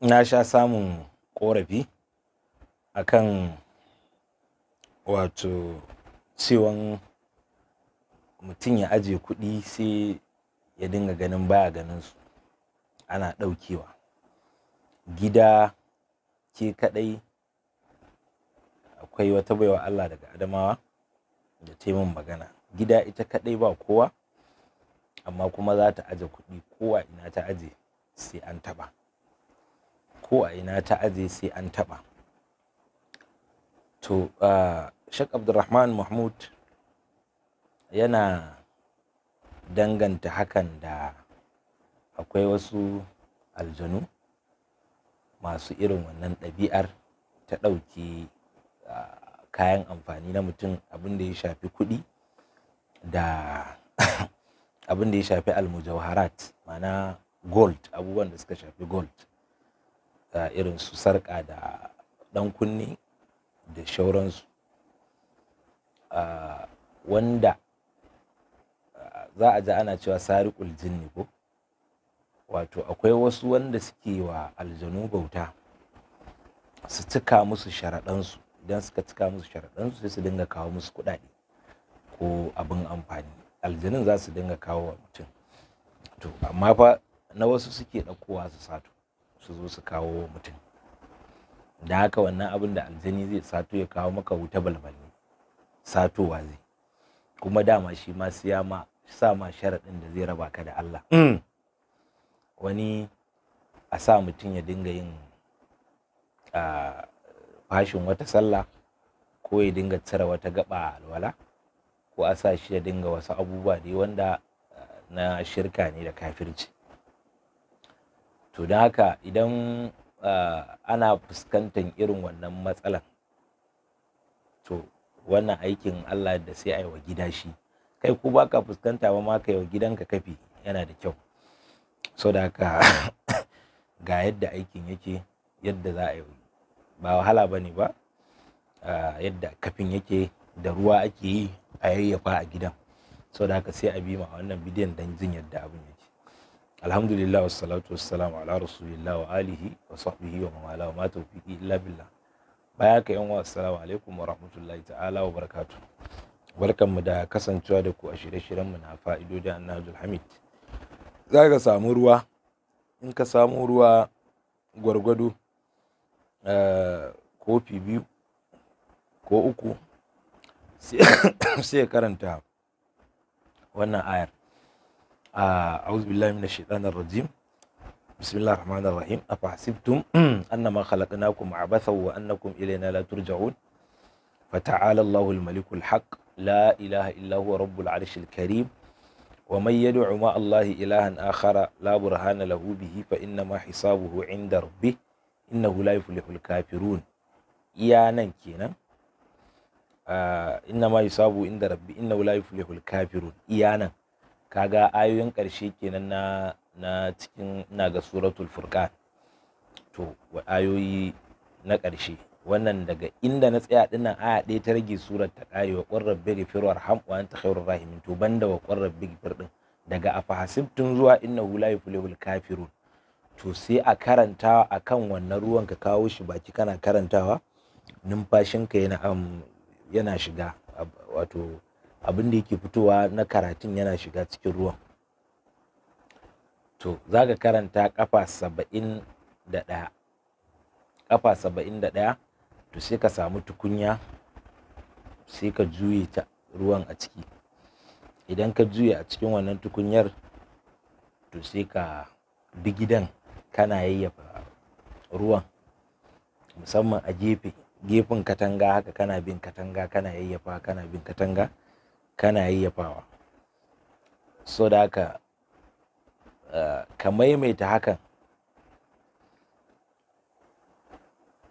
na sha samun ƙorafi akan wato cewan mutum ya ajiye kuɗi sai ya dinga ganin baya ganin su ana ɗaukewa gida ke kaɗai akwai wata baiwa Allah daga Adamawa da ta min magana gida ita kaɗai ba kowa amma kuma za ta aje kuɗi kowa ina ta aje sai an taɓa ko a ina ta aje sai an taɓa to shek abdulrahman mahmud yana danganta hakan da akwai wasu aljanu masu irin wannan ɗabi'ar ta ɗauki kayan amfani na mutum abin da ya shafi kuɗi da abin da ya shafi almujawharat mana gold abubuwan da suka shafi gold irin su sarƙa da ɗan kunne da shauransu wanda za a ji ana cewa sariƙul jinni ko wato akwai wasu wanda suke wa aljanu bauta su cika musu sharaɗansu idan suka cika musu sharaɗansu sai su dinga kawo musu kuɗaɗe ko abin amfani aljanun za su dinga kawo mutum to amma fa na wasu suke ɗaukowa su sato su zo su kawo wa mutum da haka wannan abin da aljani zai sato ya kawo maka wuta balbal satowa zai kuma dama shi ma siya ma sa ma sharaɗin da zai raba ka da Allah mm. wani a sa mutum ya dinga yin fashin wata sallah ko ya dinga cire wata gaba alwala ko a sa shi ya dinga wasu abubuwa dai wanda na shirka ne da kafirci to da haka idan ah, ana fuskantar irin wannan matsalan to wannan aikin Allah da sai a wa gida shi kai ko baka fuskanta ba ma ka yi wa gidanka kafi yana da kyau so da haka ga yadda aikin yake yadda za a yi ba wahala ba ba ah, yadda kafin yake da ruwa ake yi a yayyafa a gidan so da haka sai a bi ma wannan bidiyon don jin yadda abin yake alhamdulillah wassalatu wassalamu ala rasulillah wa alihi wa sahbihi wa mawala wa ma tawfiqi illa billah baya ka yan wa assalamu alaikum wa rahmatullahi ta'ala wa barkan barkanmu da kasancewa da ku a shirye-shiryen mu na fa'idodin annahajul hamid za ka samu ruwa in ka samu ruwa gwargwado eh, kofi biyu ko uku sai karanta wannan ayar أعوذ بالله من الشيطان الرجيم بسم الله الرحمن الرحيم أفحسبتم أنما خلقناكم عبثا وأنكم إلينا لا ترجعون فتعالى الله الملك الحق لا إله إلا هو رب العرش الكريم ومن يدع مع الله إلها آخر لا برهان له به فإنما حسابه عند ربه إنه لا يفلح الكافرون يا ننكينا آه إنما يصاب عند ربي إنه لا يفلح الكافرون يا ننكينا kaga ayoyin ƙarshe kenan na na cikin ina ga suratul furqan to wa ayoyi na ƙarshe wannan daga inda na tsaya dinnan aya ɗaya ta rage surar ta ƙare wa ƙwarar bigi firwar ham wa anta khairur rahimin to banda wa ƙwarar rabbi fir din daga afahasibtun zuwa innahu la yuflihul kafirun to sai a karanta akan wannan ruwan ka kawo shi baki kana karantawa numfashinka yana um, yana shiga wato abin da yake fitowa na karatun yana shiga cikin ruwan to za ka karanta kafa saba'in da ɗaya kafa saba'in da ɗaya to sai ka samu tukunya sai ka juye ta ruwan a ciki idan ka juye a cikin wannan tukunyar to sai ka bi gidan kana yayyafa ruwan musamman a gefe gefen katanga haka kana bin katanga kana yayyafa kana bin katanga kana yayyafawa so da haka eh, ka maimaita hakan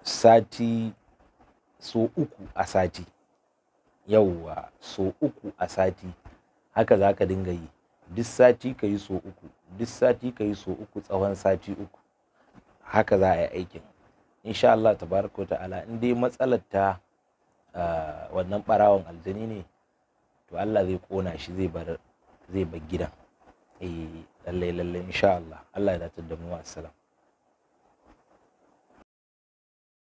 sati so uku a sati yauwa so uku a sati haka za ka dinga yi duk sati ka yi so uku duk sati ka yi so uku tsawon sati uku haka za a yi aikin insha Allah ta ta'ala in dai matsalar ta eh, wannan barawon aljani ne to Allah zai kona shi zai bar zai bar gidan eh lallai lallai insha Allah Allah ya datar da mu assalamu